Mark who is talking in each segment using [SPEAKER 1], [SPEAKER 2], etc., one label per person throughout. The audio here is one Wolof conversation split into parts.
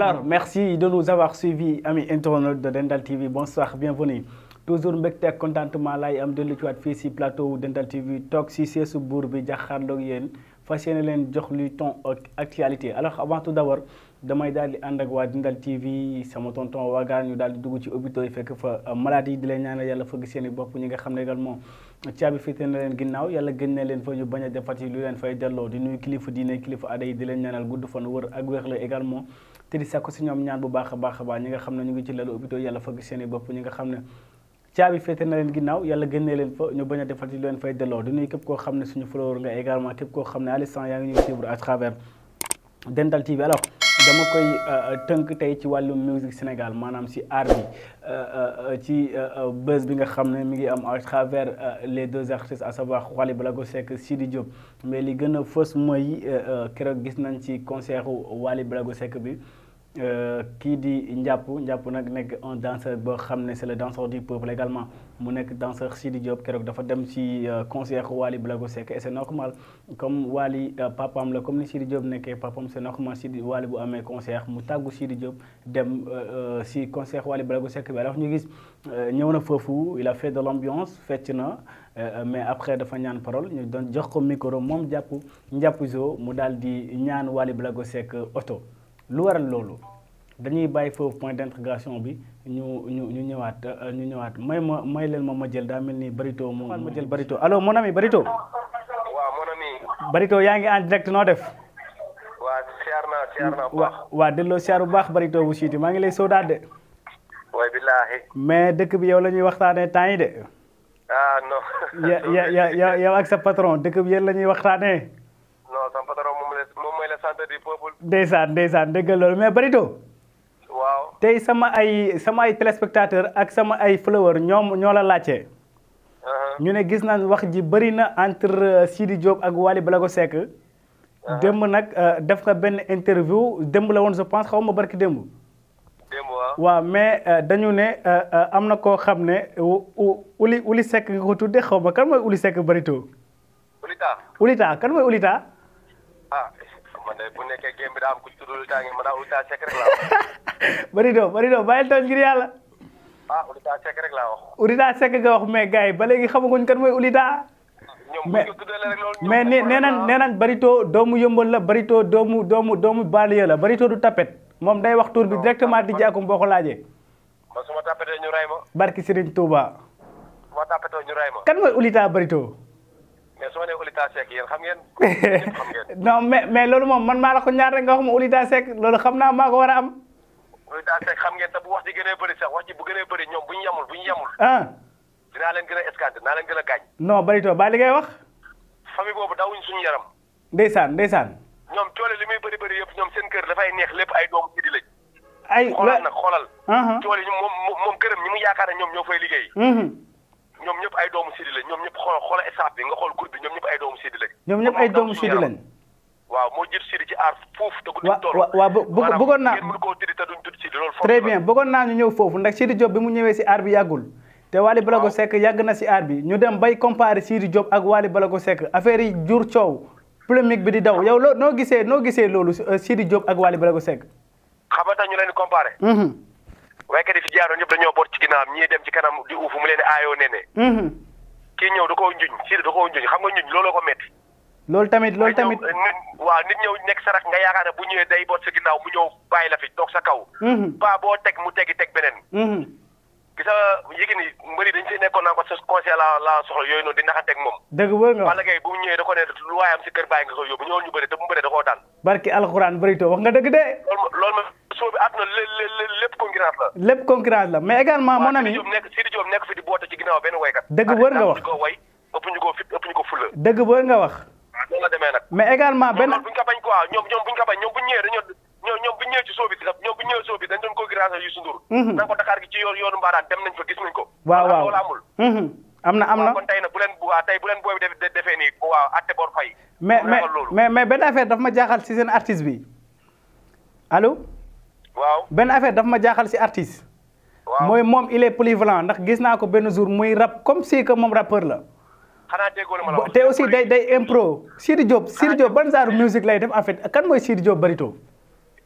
[SPEAKER 1] alors merci de nous avoir suivis amis internautes de Dentale TV bonsoir bienvenue toujours mbégte ak contentement laay am dellu ci waat plateau Dentale TV toog si seesu buur bi jàkkaarloog yéen fas yéene jox lu ton actualité alors avant tout d'abord damay daal di ànd ak waa TV sama tonton waagaan ñu daal di dugg ci hôpital fekk fa euh, maladie yi di leen ñaanal yalla fëgg seen bop bopp ñi nga également ciabi féete na leen ginnaaw yàlla gën na leen fa ñu baña defati lu len fay delloo di nuy kilifa diine kilifa aday yi di leen ñaanal gudd fan wër ak wéex la également te di sàkku si ñoom ñaan bu baax a baax a baax ñi nga xam ne ñu ngi ci lalu hôpitaux yàlla fagg seen i bopp ñi nga xam ne caabi féete na leen ginnaaw yàlla génnee leen fa ñu bañ a defal ci leen fay delloo di nuyu képp koo xam ne suñu follower nga également képp koo xam ne à l'instant yaa ngi ñuy suivre à travers Dental TV alors dama koy euh, tënk tey ci wàllu musique Sénégal maanaam si aar bi euh, euh, ci buzz bi nga xam ne mi ngi am à travers les deux artistes à savoir Wally Ballago Seck Sidi Diop mais li gën a fës mooy keroog gis nañ ci concert Wally Ballago Seck bi qui euh, di njàpp njàpp nak nek un danseur bo xamné c'est le danseur du peuple également mu nek danseur Sidi Diop kérok dafa dem ci euh, concert Wali Blago Sek et c'est normal comme Wally euh, papaam la comme Sidi Diop nekkee papaam c'est normal Sidi Wali bu amé concert mu tagu Sidi Diop dem ci concert Wali Blago Sek bi alors ñu gis ñewna fofu il a fait de l'ambiance fecc mais après dafa ñaan parole ñu don jox ko micro mom jàpp njàpp zo mu daal di ñaan Wali Blago Sek auto. lu waral loolu dañuy bàyyi foofu point d'intégration bi ñu ñu ñu ñëwaat euh, ñu ñëwaat may ma may leen ma ma jël daa mel nii Barito mu ma jël Barito allo mon ami Barito.
[SPEAKER 2] waaw mon ami.
[SPEAKER 1] Barito yaa ngi en direct noo def. waa waa delloo siyaar baax Barito bu siiti maa ngi lay soodaat billaahi. mais dëkk bi yow la ñuy waxtaanee temps yi de.
[SPEAKER 2] ah non. ya
[SPEAKER 1] ya ak sa patron dëkk bi yéen la ñuy waxtaanee.
[SPEAKER 2] représentants du peuple.
[SPEAKER 1] ndeysaan ndeysaan loolu mais Barito. tey sama ay sama ay téléspectateur ak sama ay followers ñoom ñoo la laajte. Uh-huh. ñu ne gis naan wax ji bëri na entre euh, Sidi Diop ak Wally ko Seck. Uh-huh. démb nag euh, def nga benn interview démb la woon je pense xaw ma barki démb. waaw. mais euh, dañu ne am na koo xam ne uli uli Seck nga ko tuddee xaw ma kan mooy uli Seck Barito. ulita kan mooy ulita.
[SPEAKER 2] Ah, man de bu nekkee game bi daa am ku wax.
[SPEAKER 1] Marido Marido ah, yi ba léegi xamaguñ kan mooy Louta. ñoom bu Barito doomu yëmbal la Barito doomu doomu doomu banlieue la Barito du tapet moom day wax tur bi directement di jàkkum boo ko laajee. ma su ma tapetee ñu barki Serigne Touba.
[SPEAKER 2] su mooy Louta Barito. mais soo nee Oulita Seck yéen xam ngeen. xam
[SPEAKER 1] mais mais loolu moom man maa la ko ñaar rek nga wax ma Oulita loolu xam naa maa ko war a am.
[SPEAKER 2] Oulita Seck xam ngeen te bu wax ji gënee bëri sax wax ji bu gënee bëri ñoom bu ñu yamul bu ñu yamul. Ah. dinaa leen gën a escanté dinaa leen gën a gaañ.
[SPEAKER 1] non Barito ba li ngay wax.
[SPEAKER 2] famille boobu dawuñ suñu yaram.
[SPEAKER 1] ndeysaan ndeysaan.
[SPEAKER 2] ñoom coole li may bëri bëri yëpp ñoom seen kër dafay neex lépp ay doomu si di xoolal nag xoolal. Uh-huh. coole yi moom moom këram mu yaakaar ne ñoo fay liggéey mm-hmm. ñoom ñëpp ay doomu Sidi lañ ñoom ñëpp xool xoola bi nga xool groupe bi ñoom ay doomu Sidi lañ.
[SPEAKER 1] ñoom ñëpp ay doomu Sidi lañ.
[SPEAKER 2] waaw moo jiitu Sidi ci aar fuuf. te ku nekk tool
[SPEAKER 1] waaw waaw waaw bëggoon naa maanaam bien bëggoon naa ñu ñëw foofu ndax Sidi Diop bi mu ñëwee si aar bi yàggul. te Waly ko sekk yàgg na si aar bi ñu dem bay comparer Sidi Diop ak Waly Balago Seck affaire yi jur coow polémique bi di daw yow loo noo gisee noo gisee loolu euh, Sidi Diop ak Waly Balago Seck.
[SPEAKER 2] xam nga tax waykat yi fi jaaroon ñëpp dañoo boot ci ginnaawam ñii dem ci kanam di uufu mu leen aayoo nene mhm. kii ñëw da koo njuñ si da koo njuñ xam nga njuñ looloo ko métti
[SPEAKER 1] loolu tamit loolu tamit
[SPEAKER 2] waaw nit ñëw nekk sarak nga yaakaar bu ñëwee day boot sa ginnaaw mu ñëw bàyyi la fi toog sa kaw mhm. ba boo teg mu tegi teg beneen mhm. gisa yéegi ni mbëri dañ si nekkoon ko sa conseil la soxla yooyu noonu di naxanteeg moom
[SPEAKER 1] dëgg ba nga Balla
[SPEAKER 2] Gaye bu ñëwee da ko ne lu waay am te bu mu bëree da koo daan
[SPEAKER 1] barki alxuraan bëri too wax
[SPEAKER 2] nga concurrence la lépp concurrence la mais également mon ami nekk Sidi Diop nekk fi di boote ci ginnaaw benn woykat dëgg wër way ëpp ñu ko fit ëpp ñu ko fulla wër nga wax mais également benn buñ ko
[SPEAKER 1] waaw waaw mhm. am na am na kon tey
[SPEAKER 2] nag bu leen bu leen defee nii waaw atte bor fay
[SPEAKER 1] mais mais mais benn affaire daf ma jaaxal ci seen artiste bi allo waaw benn affaire daf ma jaaxal si artiste. waaw mooy moom il est polyvalent ndax gis naa ko benn jour muy rap comme si que moom rappeur la. xanaa déggoo ma la te aussi day day impro. Sidi Diop Sidi Diop ban genre musique lay def en fait kan mooy Sidi Diop Barito.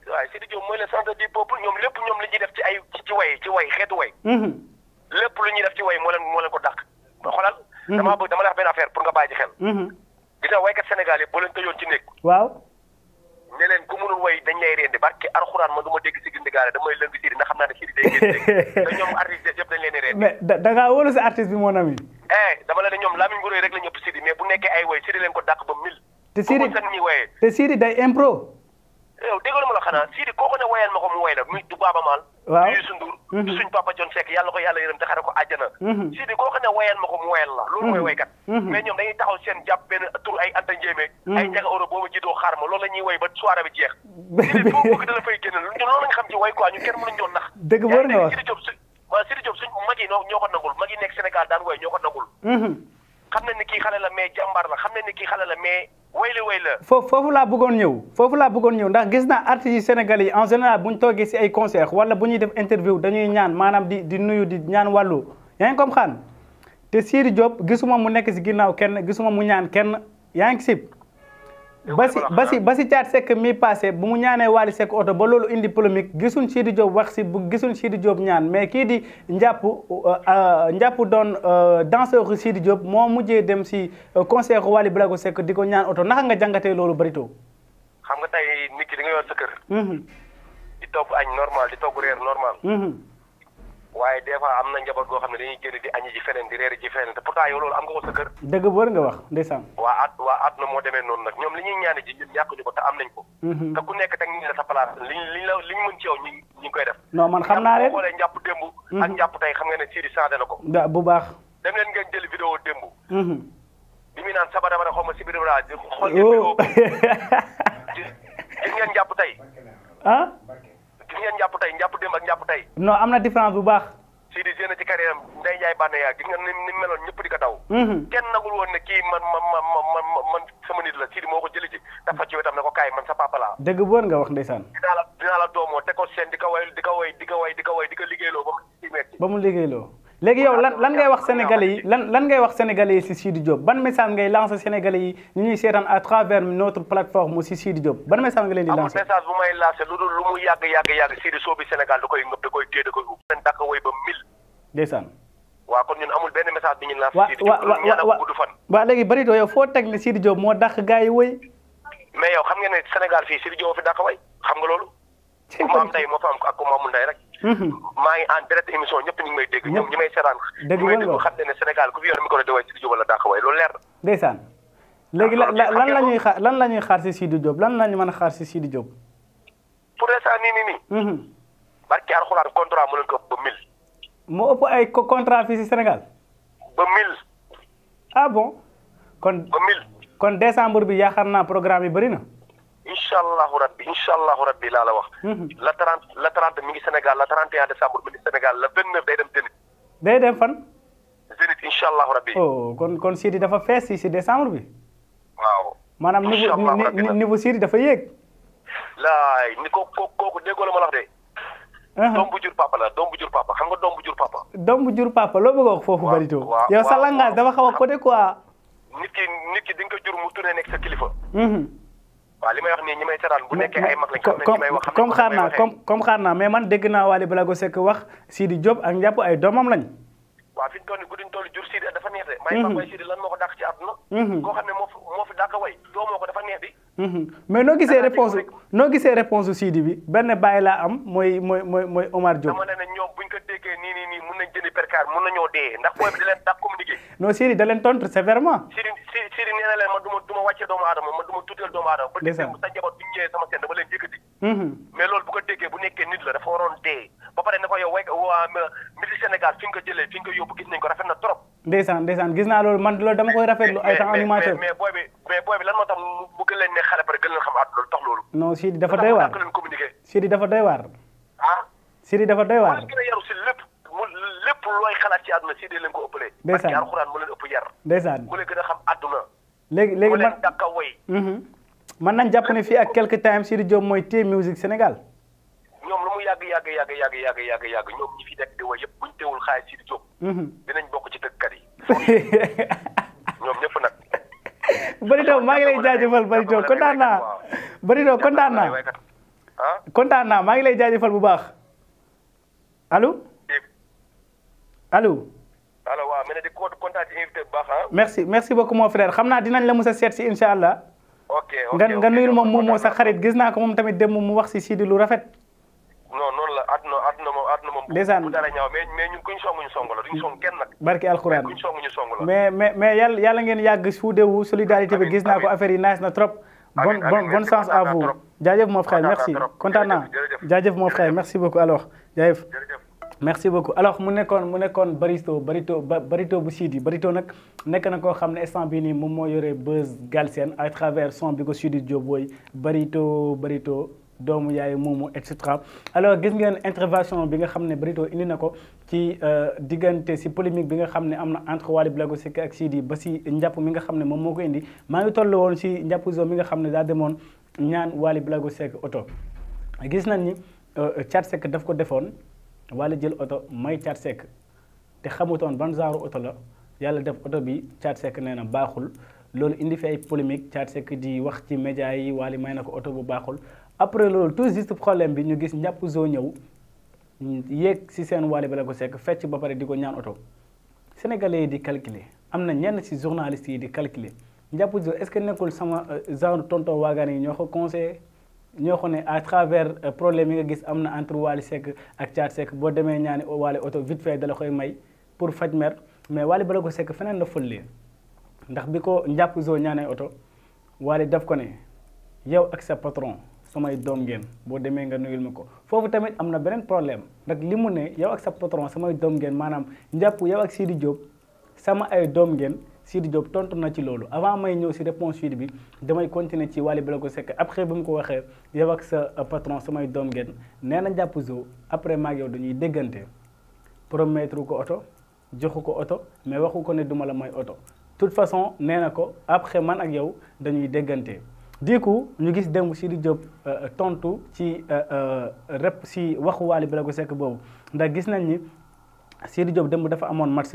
[SPEAKER 2] waaw Sidi Diop mooy le centre du peuple ñoom lépp ñoom li ñuy def ci ay ci way ci way mm-hmm. lépp lu ñuy def ci way moo leen ko dàq. ba xoolal. Mm-hmm. bëgg dama la wax benn affaire pour nga bàyyi ci xel.
[SPEAKER 1] Mm-hmm. gis nga waykat Sénégal yi boo leen ne
[SPEAKER 2] leen ku mënul way dañ lay rendi barke alxuraan man du ma dégg si gindigaale damay lëng siri ndax xam naa siri day génn
[SPEAKER 1] di rendi mais da ngaa wóolu si artiste eh,
[SPEAKER 2] siri mais bu nekkee ay way
[SPEAKER 1] mil te siri day impro
[SPEAKER 2] yow déggoon ma la ma ko mu way la mhm. mhm. ko ne wayal ma mu wayal la loolu mooy mhm. waykat mais ñoom dañuy taxaw seen jàpp benn tur ay ay hmm. jaga Europe booba jiitoo xaar ma loolu la ñuy woy ba soirée bi jeex. loolu lañ xam ci way quoi ñu kenn mënuñu doon nax. dëgg war na wax waaw Sidi Diop suñ mag yi ñoo ko nangul mag yi nekk Sénégal daan woy ñoo ko nangul. Hmm. xam nañ ni kii xale la mais jàmbaar la xam nañ ni kii xale la mais
[SPEAKER 1] wayla wayla foofu foofu laa bëggoon ñëw foofu laa bëggoon ñëw ndax gis naa artistes yi Sénégal yi en général bu ñu toogee si ay concert wala bu ñuy def interview dañuy ñaan maanaam di di nuyu di ñaan wàllu yaa ngi te Sidi Diop gisuma mu nekk si ginnaaw kenn gisuma mu ñaan kenn yaa ngi sib ba si ba si ba si caat sekk mi passé bu mu ñaanee Waly Seck oto ba loolu indi polémique gisuñ Sidi Diop wax si bu gisuñ Sidi Diop ñaan mais kii di njàpp euh, euh, njàpp doon euh, danseur Sidi Diop moo mujjee dem si bi la ko Seck di ko ñaan oto naka nga jàngatee loolu Barito
[SPEAKER 2] waaye des fois am na njaboot goo xam ne dañuy génn di añi ji feneen di reeri ji feneen te pourtant yow loolu am nga ko sa kër
[SPEAKER 1] dëgg bu wër nga wax ndeysaan
[SPEAKER 2] waa at waa at na moo demee noonu nag ñoom li ñuy ñaani ji ñun yàquñu ko te am nañ ñu mm-hmm. sa place liñ liñ la koy def
[SPEAKER 1] non man xam naa leen xoolee
[SPEAKER 2] njàpp démb mm-hmm. ak njàpp tey xam nga ne Sidi Sandé
[SPEAKER 1] na ko da bu baax
[SPEAKER 2] dem leen ngeen jël vidéo démb mm-hmm. bi muy naan saba dabara xaw ma si oh. xool ngeen vidéo gis ngeen tey ah ngeen njàpp tey njàpp démb ak njàpp tey.
[SPEAKER 1] non am na différence bu baax.
[SPEAKER 2] Sidi génn ci carrière am Ndeye Ndiaye bànne yaa gis nga ni meloon ñëpp di ko daw. Mhm. kenn nagul woon ne kii man man man man man sama nit la Sidi moo ko jëli ji dafa ci wetam ne ko kaay man sa papa laa.
[SPEAKER 1] dëgg nga wax ndeysaan.
[SPEAKER 2] dinaa la dinaa la doomoo te ko seen di ko way di ko way di ko way di ko way di
[SPEAKER 1] ba mu liggéeyloo. léegi yow lan lan ngay wax sénégalais yi lan lan ngay wax sénégalais yi si Sidi Diop ban message ngay lancer sénégalais yi ñu ñuy seetaan à travers notre plateforme aussi Sidi Diop ban message nga leen di lancer amul message
[SPEAKER 2] bu lu mu yàgg yàgg yàgg Sidi soo Sénégal da koy da koy da koy ub seen dàkk woy ba mil ndeysaan waaw kon ñun amul benn message bi ñu lancer Sidi Diop lu ñaan
[SPEAKER 1] ak moo dàq gars yi woy
[SPEAKER 2] mais xam nga ne Sénégal fii Sidi Diop fi dàq way xam nga loolu ku ma am ndey moo fa am ak ku ma amul ndey rek
[SPEAKER 1] maa
[SPEAKER 2] ngi en direct émission ñëpp ñu may dégg ñoom ñi may seetaan ñu may dégg xam Sénégal ku fi yor micro de way Sidi wala dàq way loolu leer
[SPEAKER 1] ndeysaan léegi lan la lan la xaar si Sidi Diop lan la ñu xaar si Sidi Diop
[SPEAKER 2] pour l'instant nii nii nii barki alxuraan contrat mu leen ko ba mille
[SPEAKER 1] moo ëpp ay contrat fii si Sénégal ba mille ah bon kon ba mille kon décembre bi yaakaar naa programme yi bëri na
[SPEAKER 2] incha allahu rabbi incha allahu rabbi laa la wax. Mhm. la 30 la 30 mi ngi Sénégal la 31 décembre mi ngi Sénégal la 29 day dem Zénith. day dem fan. Zénith incha allahu rabbi.
[SPEAKER 1] oh kon kon Sidy dafa fees si si décembre bi. waaw. maanaam niveau niveau Sidy dafa yéeg.
[SPEAKER 2] laay ni ko kooku déggoo la ma la de. Uh-huh. doom bu jur papa la doom bu jur papa xam nga doom bu jur papa.
[SPEAKER 1] doom bu jur papa loo bëgg a foofu Barito. waaw yow sa langage dafa xaw a côté quoi.
[SPEAKER 2] nit ki nit ki di ko jur mu tourné nekk kilifa. Mm-hmm. waaw li may wax nii ñi may seetaan bu nekkee ay mag lañ xam ne may wax comme xaar naa comme
[SPEAKER 1] comme xaar naa mais man dégg naa Waly Balago Seck wax Sidi Diop ak njàpp ay doomam lañ mais noo gisee réponse noo gisee réponse Sidi bi benn bàyyi laa am mooy mooy mooy Omar Diop dama
[SPEAKER 2] ne ne dee ndax booy bi da leen dàq communiqué
[SPEAKER 1] non Sidi da tontu sévèrement Sidi
[SPEAKER 2] Sidi nee leen man du ma wàcce doomu koo tuddal doomu aadama ba dégg sa a bu ñu ñëwee sama seen dama leen yëkkati mm-hmm. mais loolu bu ko déggee bu nekkee nit la dafa waroon dee ba pare ne ko yow way waa midi Sénégal fi ko jëlee fi nga ko yóbbu gis nañ ko rafet na trop
[SPEAKER 1] ndeysaan ndeysaan gis naa loolu man loolu dama koy rafetlu ay temps animateur mais booy bi mais booy bi lan moo tax mu gën ne xale pare gën leen xam àdduna lu tax loolu non Sidi dafa doy waar leen communiqué dafa doy waar ah Sidi dafa a a léegi léegi man daka man nañ jàpp ne fii ak quelque time Sidy Diop mooy téye musique Sénégal
[SPEAKER 2] ñoom lu mu yàgg yàgg yàgg yàgg yàgg yàgg yàgg ñoom ñi fi nekk di woy yëpp buñ teewul xaalis Sidy Diop
[SPEAKER 1] mhm. dinañ bokk ci tëggkat yi
[SPEAKER 2] ñoom ñëpp nag
[SPEAKER 1] Barito maa ngi lay jaajëfal Barito kontaan naa Barito kontaan naa ah? kontaan naa maa ngi lay jaajëfal bu baax allo allo
[SPEAKER 2] mais di Je invité bu baax ah.
[SPEAKER 1] merci merci beaucoup mon frère xamna dinañ la vous avez dit que ok ok vous nga nuyul que vous sa xarit gis tamit dem mu wax Sidi rafet.
[SPEAKER 2] non non la que vous avez dit que dara ñaw mais mais ñun que vous la
[SPEAKER 1] kenn barki mais mais mais yalla yalla ngeen que vous solidarité bi gis vous affaire yi na trop. bon à vous mon frère merci kontaan mon frère merci beaucoup alors merci beaucoup alors mu mu Barito Barito Barito bu Barito nak nek na buzz à travers son bi ko sidi Barito Barito doomu yaay momo alors gis intervention bi nga Barito indi nako euh, polémique bi nga entre Wally Blago Sek ak Sidy ba si mi nga mom ko indi ma ngi toll woon si zo mi nga xam da demone ñaan blago auto gis nañ ni chat euh, daf ko wala jël oto may Thiat Seck te xamutoon ban genre oto la yàlla def oto bi Thiat sekk nee na baaxul loolu indi fi ay polémique Thiat Seck di wax ci média yi wala may na ko oto bu baaxul après loolu tout juste problème bi ñu gis ñàpp zoo ñëw yéeg si seen bi la ko sekk fecc ba pare di ko ñaan oto sénégalais yi di calculer am na ñenn si journalistes yi di calculer njàpp zoo est-ce que nekkul sama euh, genre tonton waagaan yi ñoo ko conseillé ñoo xam ne à travers euh, problème yi nga gis am na entre Wally Seck ak Thiat Seck boo demee ñaani Wally oto vite fait dala koy may pour faj mer mais Wally bala ko sekk feneen la fëllee ndax bi ko njàpp zoo ñaanee oto Wally def ko ne yow ak sa patron samay doom ngeen boo demee nga nuyul ma ko foofu tamit am na beneen problème ndax li mu ne yow ak sa patron samay doom ngeen maanaam njàpp yow ak Sidi Diop sama ay doom ngeen Sidi Diop tontu na ci lolu avant may ñëw ci réponse suite bi damay continuer ci Wally Ballago Seck après bu ko waxee yow ak sa euh, patron samay dom ngeen nee na jàpp zoo après maag yow dañuy déggante promettre ko auto joxu ko mais waxu ko ne duma la may auto toute façon nee ko après man ak yow dañuy déggante du coup ñu gis démb Sidi Diop euh, tontu ci euh, rep si waxu Wally Ballago Seck ndax gis nañ ni Sidi Diop démb dafa amone match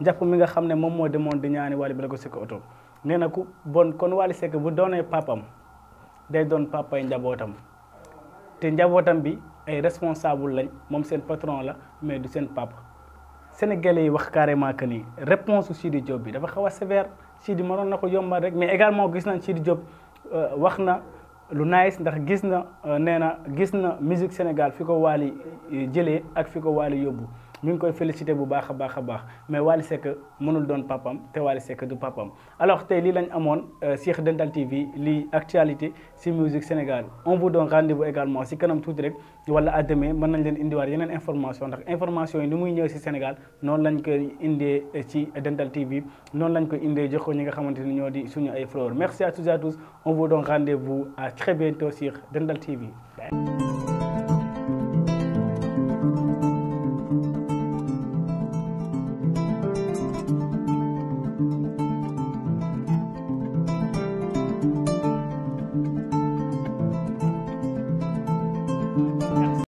[SPEAKER 1] njàpp mi nga xam ne moom moo demoon di ñaani Wally Ballago Seck oto nee na ku bon kon Wally Seck bu doonee papam day doon papay njabootam te njabootam bi ay responsable lañ moom seen patron la mais du seen papa sénégalais yi wax carrément que ni réponse su Sidi Diop bi dafa xaw a sévère Sidi mënoon na ko yombal rek mais également gis nañ Sidi Diop euh, wax na lu nice ndax gis na euh, nee na gis na musique Sénégal fi ko Wally euh, jëlee ak fi ko Wally yóbbu ñu ngi koy félicité bu baax a baax a baax mais Wally Seck mënul doon papam te Wally Seck du papam alors tey lii lañ amoon euh, Cheikh Dental TV lii actualité ci musique Sénégal on vous donne rendez-vous également si kanam tuuti rek wala à demain mën nañ leen indiwaat yeneen information ndax information yi ni muy ñëw ci Sénégal noonu lañ koy indee ci Dental TV noonu lañ koy indee jox ko ñi nga xamante ni ñoo di suñu ay fleurs merci à tous et à tous on vous donne rendez-vous à très bientôt sur Dental TV